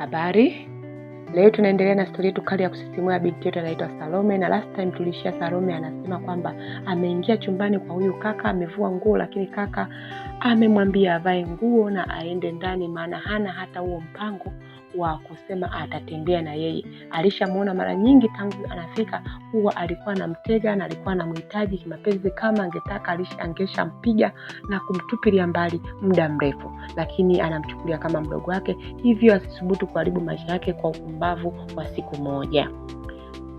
Habari, leo tunaendelea na stori yetu kali ya kusisimua binti yetu anaitwa Salome, na last time tulishia Salome anasema kwamba ameingia chumbani kwa huyu kaka, amevua nguo, lakini kaka amemwambia avae nguo na aende ndani, maana hana hata huo mpango wa kusema atatembea na yeye. Alishamwona mara nyingi tangu anafika, huwa alikuwa anamtega na alikuwa anamhitaji kimapenzi. Kama angetaka angeshampiga na kumtupilia mbali muda mrefu, lakini anamchukulia kama mdogo wake, hivyo asithubutu kuharibu maisha yake kwa upumbavu wa siku moja.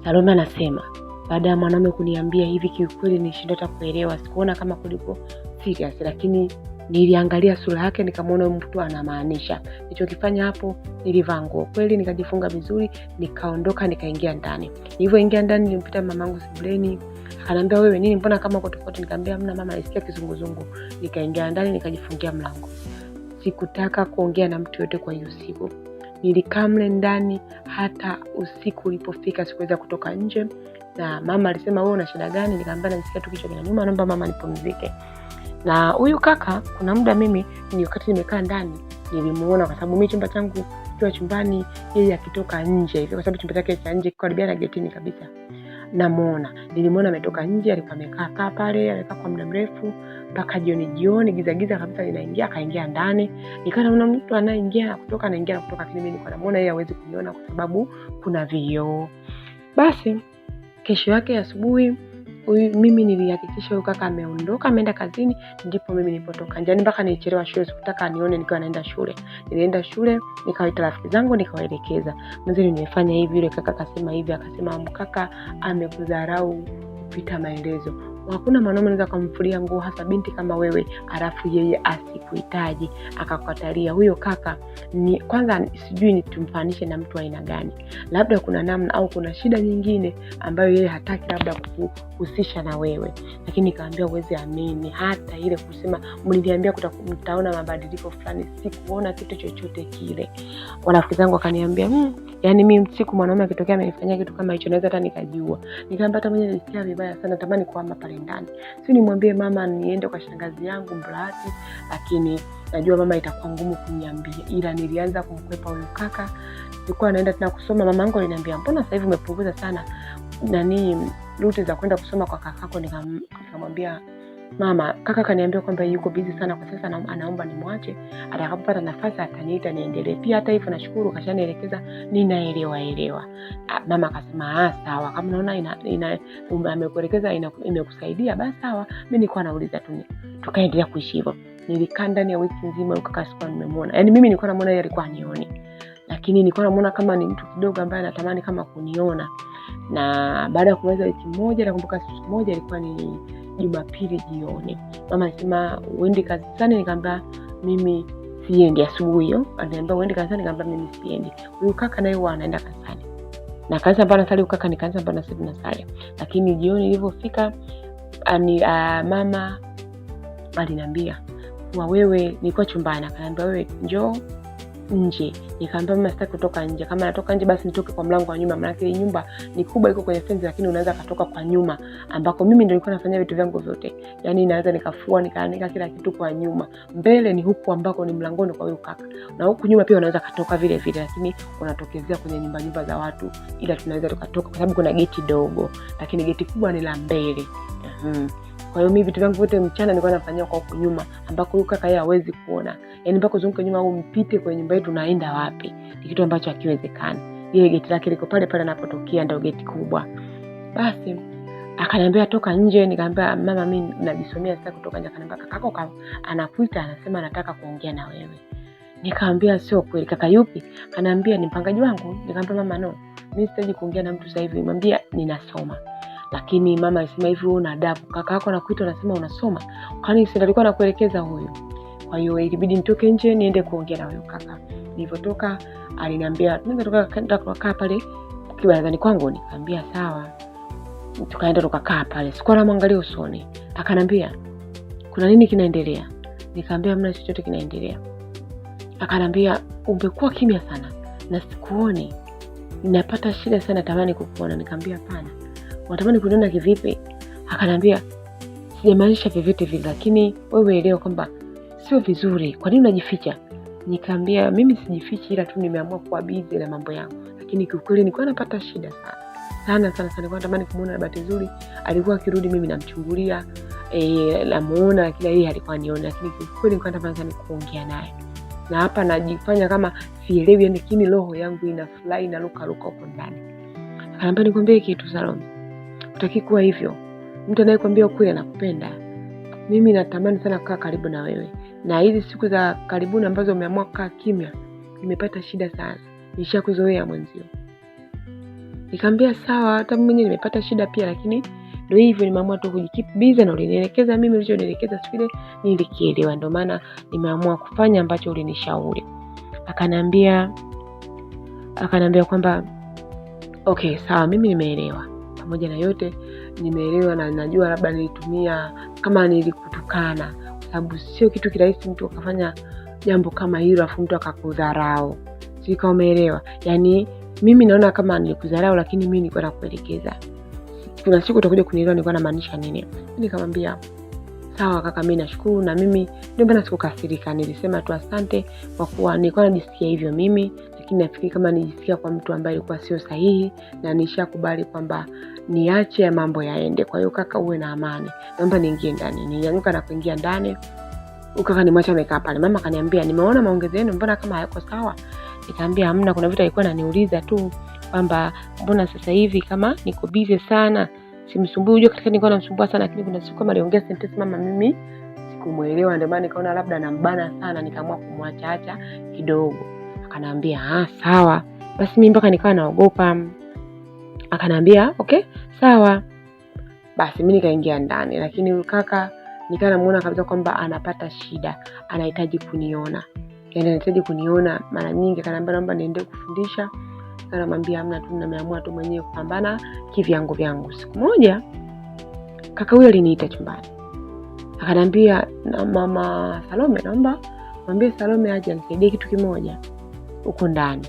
Salome anasema baada ya mwanaume kuniambia hivi, kiukweli nishindo hata kuelewa, sikuona kama kuliko serious, lakini niliangalia sura yake nikamwona huyu mtu anamaanisha. Nilichokifanya hapo, nilivaa nguo kweli, nikajifunga vizuri, nikaondoka, nikaingia ndani. Nilivyoingia ndani, nilimpita mamangu sebuleni, anaambia wewe nini, mbona kama uko tofauti? Nikamwambia mna mama, nisikia kizunguzungu. Nikaingia ndani, nikajifungia mlango. Sikutaka kuongea na mtu yote kwa hiyo siku. Nilikaa mle ndani, hata usiku ulipofika sikuweza kutoka nje, na mama alisema wewe una shida gani? Nikamwambia nasikia tu kichwa kinaniuma, naomba mama nipumzike na huyu kaka, kuna muda mimi ni wakati nimekaa ndani nilimuona, kwa sababu mimi chumba changu kiwa chumbani, yeye akitoka nje hivi, kwa sababu chumba chake cha nje na getini kabisa namuona nilimwona ametoka nje, alikuwa amekaa kaa pale, amekaa kwa muda mrefu mpaka jioni. Jioni giza giza kabisa linaingia, akaingia ndani, nikawa naona mtu anaingia na kutoka, anaingia na kutoka, lakini mimi nilikuwa namuona yeye, hawezi kuniona kwa sababu kuna vioo. Basi kesho yake asubuhi ya Uy, mimi nilihakikisha huyu kaka ameondoka ameenda kazini, ndipo mimi nilipotoka njiani mpaka nilichelewa shule, sikutaka anione nikiwa naenda shule. Nilienda shule nikawaita rafiki zangu nikawaelekeza, mzee, nimefanya hivi, yule kaka akasema hivi, akasema mkaka amekudharau kupita maelezo hakuna mwanaume anaweza akamfulia nguo, hasa binti kama wewe, alafu yeye asikuhitaji akakatalia. Huyo kaka ni kwanza, sijui ni tumfanishe na mtu aina gani, labda kuna namna au kuna shida nyingine ambayo yeye hataki labda kuhusisha na wewe, lakini nikaambia uweze amini, hata ile kusema mliniambia mtaona mabadiliko fulani, sikuona kitu chochote kile. Warafiki zangu wakaniambia mmm, yani mi siku mwanaume akitokea amenifanyia kitu kama hicho naweza hata nikajua. Nikaambia hata mwenye nilisikia vibaya sana, tamani kuhama pale ndani. Si nimwambie mama niende kwa shangazi yangu Mbrazi, lakini najua mama itakuwa ngumu kuniambia, ila nilianza kumkwepa huyo kaka. Nilikuwa naenda tena kusoma, mama yangu aliniambia, mbona sasa hivi umepunguza sana nani ruti za kwenda kusoma kwa kakako? Nikamwambia mama, kaka kaniambia kwamba yuko bizi sana kwa sasa, anaomba nimwache, atakapopata nafasi ataniita niendelee. Pia hata hivyo nashukuru kashanielekeza, ninaelewa elewa. Ah, mama akasema ah, sawa, kama naona um, amekuelekeza imekusaidia basi sawa. mi nikuwa nauliza tu, tukaendelea kuishi hivyo. Nilikaa ndani ya wiki nzima, huyo nimemwona, yani mimi nikuwa namwona yeye alikuwa anioni, lakini nilikuwa namuona kama ni mtu kidogo ambaye anatamani kama kuniona. Na baada ya kumaliza wiki moja, nakumbuka siku moja ilikuwa ni Jumapili jioni. Mama alisema uende kanisani? Nikaambia mimi siendi. Asubuhi hiyo aliniambia uende kanisani? Nikaambia mimi siendi. Huyu kaka naye huwa anaenda kanisani na kanisa ambayo nasali ukaka ni kanisa ambayo nasali nasali, lakini jioni ilivyofika ani, ah, uh, ah, mama aliniambia kuwa wewe, nilikuwa chumbani, akaniambia wewe njoo nje, Nikaambia mimi sitaki kutoka nje, kama natoka nje basi nitoke kwa mlango wa nyuma, maanake hii nyumba ni kubwa, iko kwenye fence, lakini unaweza katoka kwa nyuma ambako mimi ndio nilikuwa nafanya vitu vyangu vyote, yani naweza nikafua, nikaanika kila kitu kwa nyuma. Mbele ni huku ambako ni mlangoni kwa huyu kaka, na huku nyuma pia unaweza katoka vile vile, lakini unatokezea kwenye nyumba nyumba za watu, ila tunaweza tukatoka kwa sababu kuna geti dogo, lakini geti kubwa ni la mbele. Mm-hmm. Kwa hiyo mimi vitu vyangu vyote mchana nilikuwa nafanyia kwa huku nyuma ambako huyu kaka yeye hawezi kuona yani mpaka uzunguke nyuma au mpite kwenye nyumba yetu, tunaenda wapi? Ni kitu ambacho hakiwezekani. Ile geti lake liko pale pale anapotokea, ndio geti kubwa. Basi akaniambia toka nje, nikaambia mama, mimi najisomea sasa kutoka nje. Akaniambia kakako ka, anakuita anasema anataka kuongea na wewe. Nikaambia sio kweli. Kaka yupi? Kanaambia ni mpangaji wangu. Nikaambia mama, no, mimi sitaji kuongea na mtu sasa hivi, mwambia ninasoma lakini mama alisema hivi, wewe una adabu, kaka yako anakuita unasema unasoma, kwani si alikuwa anakuelekeza huyu? Kwa hiyo ilibidi nitoke nje niende kuongea na huyo kaka. Nilipotoka aliniambia tunaweza tukakaenda tukakaa pale kibarazani kwangu, nikamwambia sawa. Tukaenda tukakaa pale, sikuwa namwangalia usoni. Akanambia kuna nini kinaendelea? Nikamwambia mna chochote kinaendelea. Akanambia umekuwa kimya sana na sikuoni, ninapata shida sana, natamani kukuona. Nikamwambia hapana, unatamani kuniona kivipi? Akanambia sijamaanisha vyovyote vile, lakini wewe elewa kwamba sio vizuri, kwa nini unajificha? Nikaambia mimi sijifichi, ila tu nimeamua kuwa bizi na mambo yangu, lakini kiukweli nilikuwa napata shida sana sana sana sana, kwa natamani kumuona. Na bahati nzuri alikuwa akirudi, mimi namchungulia e, namuona, lakini yeye alikuwa anione, lakini kiukweli nilikuwa natamani sana kuongea naye na hapa najifanya kama sielewi, yaani lakini roho yangu inafurahi na luka luka huko ndani. Anaambia, nikwambie kitu Salome, utaki kuwa hivyo. Mtu anayekwambia ukweli anakupenda. Mimi natamani sana kukaa karibu na wewe, na hizi siku za karibuni ambazo umeamua kukaa kimya, nimepata shida sana, nishakuzoea mwenzio. Nikamwambia sawa, hata mimi mwenyewe nimepata shida pia, lakini ndio hivyo, nimeamua tu kujikeep busy, na ulinielekeza mimi, ulichonielekeza siku ile nilikielewa, ndio maana nimeamua kufanya ambacho ulinishauri. Akaniambia, akaniambia kwamba okay, sawa, mimi nimeelewa, pamoja na yote nimeelewa, na najua labda nilitumia kama nilikutukana sababu sio kitu kirahisi mtu akafanya jambo kama hilo afu mtu akakudharau sijui kama umeelewa Yani mimi naona kama nilikudharau lakini mi nilikuwa nakuelekeza kuna siku utakuja kunielewa nilikuwa namaanisha nini nikamwambia sawa kaka mi nashukuru na mimi ndio maana sikukasirika nilisema tu asante kwa kuwa nilikuwa najisikia hivyo mimi lakini nafikiri kama nijisikia kwa mtu ambaye ilikuwa sio sahihi na nishakubali kwamba niache mambo yaende. Kwa hiyo kaka, uwe na amani, naomba niingie ndani. Nilianguka na kuingia ndani, ukaka nimwacha amekaa pale. Mama kaniambia, nimeona maongezi yenu, mbona kama hayako sawa? Nikaambia hamna, kuna vitu alikuwa ananiuliza tu kwamba mbona sasa hivi kama niko busy sana simsumbui. Unajua katika nilikuwa namsumbua sana, lakini kuna siku kama aliongea sentence mama, mimi sikumwelewa, ndio maana nikaona labda nambana sana, nikaamua kumwacha acha kidogo. Akaniambia ah, sawa basi. Mimi mpaka nikawa naogopa Akaniambia okay, sawa. Basi mi nikaingia ndani, lakini huyu kaka nikaa namuona kabisa kwamba anapata shida, anahitaji kuniona, yani anahitaji kuniona mara nyingi. Akaniambia naomba niende kufundisha, namwambia amna tu, nimeamua tu mwenyewe kupambana kivyangu vyangu. Siku moja kaka huyo aliniita chumbani, akaniambia na mama Salome, naomba mwambie Salome aje anisaidie kitu kimoja huko ndani,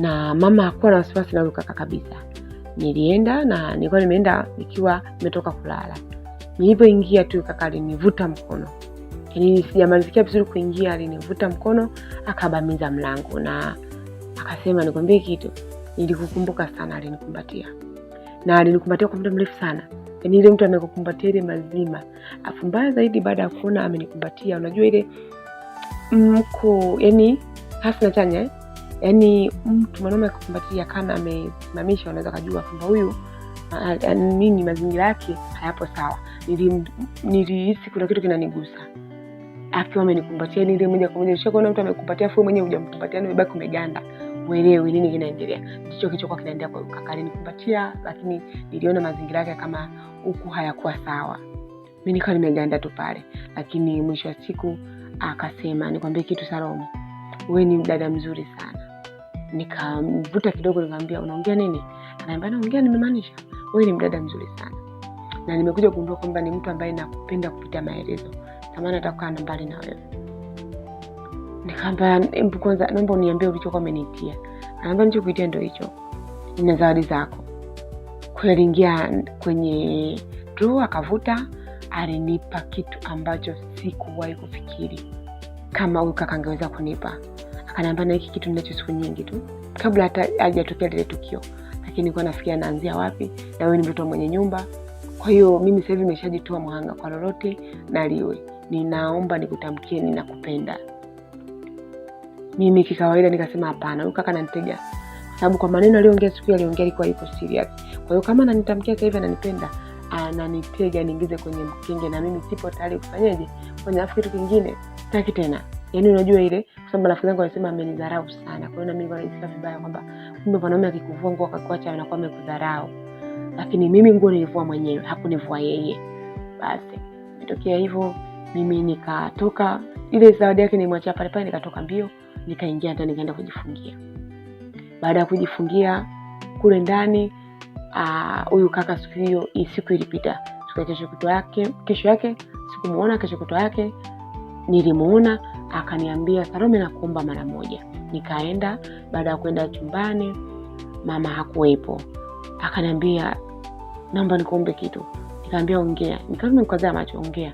na mama hakuwa na wasiwasi na huyo kaka kabisa nilienda na nilikuwa nimeenda nikiwa nimetoka kulala. Nilipoingia tu kaka alinivuta mkono, yaani sijamalizikia vizuri kuingia, alinivuta mkono akabamiza mlango na akasema, nikwambie kitu, nilikukumbuka sana. Alinikumbatia na alinikumbatia kwa muda mrefu sana, yani ile mtu anakukumbatia ile mazima. Afu mbaya zaidi, baada ya kuona amenikumbatia, unajua ile mko yani hasi na chanya eh? yani mtu mwanaume akikumbatia kana amesimamisha, unaweza kujua kwamba huyu nini, mazingira yake hayapo sawa. Nilihisi kuna kitu kinanigusa akiwa amenikumbatia, nile moja kwa moja. Ukishaona mtu amekumbatia fu mwenye ujamkumbatia, nimebaki umeganda, uelewi nini kinaendelea. Ndicho kichokuwa kinaendelea kwa kaka. Alinikumbatia, lakini niliona mazingira yake kama huku hayakuwa sawa, mi nikawa nimeganda tu pale, lakini mwisho wa siku akasema, nikwambie kitu Salome, wewe ni dada mzuri sana nikamvuta kidogo, nikamwambia unaongea nini? Anaambia, naongea, nimemaanisha wewe ni mdada mzuri sana, na nimekuja kugundua kwamba ni mtu ambaye nakupenda kupita maelezo, tamani atakaa na mbali na wewe. Nikamwambia hebu kwanza, naomba uniambie ulichokuwa umeniitia. Ananiambia nilichokuitia ndio hicho, nina zawadi zako. Kweli aliingia kwenye drawer akavuta, alinipa kitu ambacho sikuwahi kufikiri kama huyu kaka angeweza kunipa kanaambana hiki kitu nacho siku nyingi tu kabla hata hajatokea lile tukio, lakini nilikuwa nafikiria naanzia wapi, na wewe ni mtoto mwenye nyumba. Kwa hiyo mimi sasa hivi nimeshajitoa mhanga kwa lolote na liwe. Ninaomba nikutamkie ninakupenda. Mimi kikawaida nikasema hapana, huyu kaka ananitega, sababu kwa maneno aliongea siku aliongea alikuwa yuko serious. Kwa hiyo kama ananitamkia sasa hivi ananipenda, ananitega niingize kwenye mkenge, na mimi sipo tayari kufanyaje kwenye. Alafu kitu kingine sitaki tena Yaani unajua ile kwa sababu rafiki zangu walisema amenidharau sana. Kwa hiyo na mimi nilisikia vibaya kwamba kumbe mwanaume akikuvua nguo akakuacha anakuwa amekudharau. Lakini mimi nguo nilivua mwenyewe, hakunivua yeye. Basi itokea hivyo mimi nikatoka ile zawadi yake nimwachia pale pale, nikatoka mbio nikaingia ndani nikaenda kujifungia. Baada ya kujifungia kule ndani ah, huyu kaka siku hiyo siku ilipita, siku ya kesho kutwa yake, kesho yake sikumuona, kesho kutwa yake nilimuona akaniambia Salome, nakuomba mara moja. Nikaenda, baada ya kuenda chumbani, mama hakuwepo. Akaniambia naomba nikuombe kitu. Nikaambia ongea. Nikaambia nikazaa macho, ongea,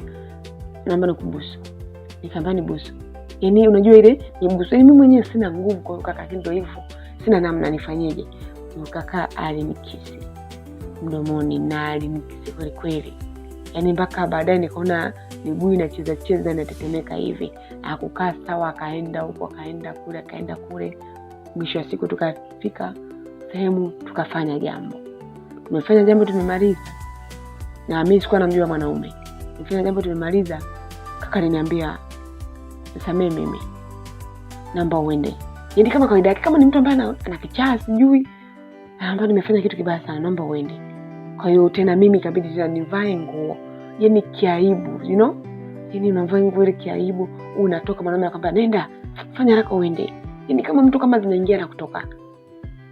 naomba nikubusu. Nikaambia nibusu. Yani unajua ile nibusu, yaani, mimi mwenyewe sina nguvu, kwa hiyo kaka, ndio hivyo, sina namna, nifanyeje? Kaka alinikisi mdomoni na alinikisi kwelikweli yani mpaka baadaye nikaona miguu inacheza cheza inatetemeka hivi. akukaa sawa, akaenda huko akaenda kule akaenda kule, mwisho wa siku tukafika sehemu tukafanya jambo, tumefanya jambo, tumemaliza. Na mi sikuwa namjua mwanaume, tumefanya jambo, tumemaliza. Kaka aliniambia samee, mimi, naomba uende. Yani kama kawaida yake, kama ni mtu ambaye ana kichaa sijui, ambao nimefanya kitu kibaya sana, naomba uende kwa hiyo tena mimi ikabidi tena nivae nguo yani kiaibu you know? Yani unavaa nguo ile kiaibu, unatoka mwanaume anakwambia nenda fanya haraka uende, yani kama mtu kama zinaingia na kutoka.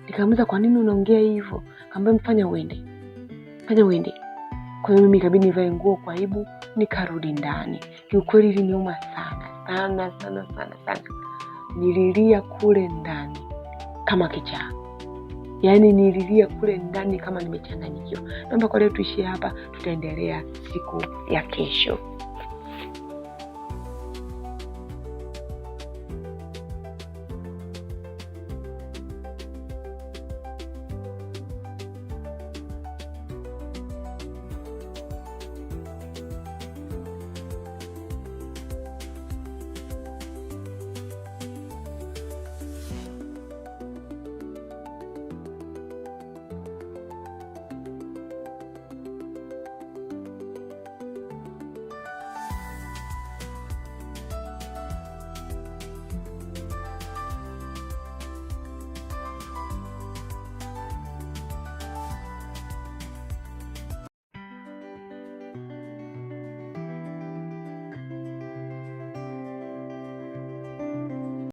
Nikamuuliza kwa nini unaongea hivyo? Kaambia mfanya uende, fanya uende. Kwa hiyo mimi ikabidi nivae nguo kwa aibu, nikarudi ndani. Kiukweli iliniuma sana sana sana sana sana, nililia kule ndani kama kichaa yaani nililia kule ndani kama nimechanganyikiwa. Naomba kwa leo tuishie hapa, tutaendelea siku ya kesho.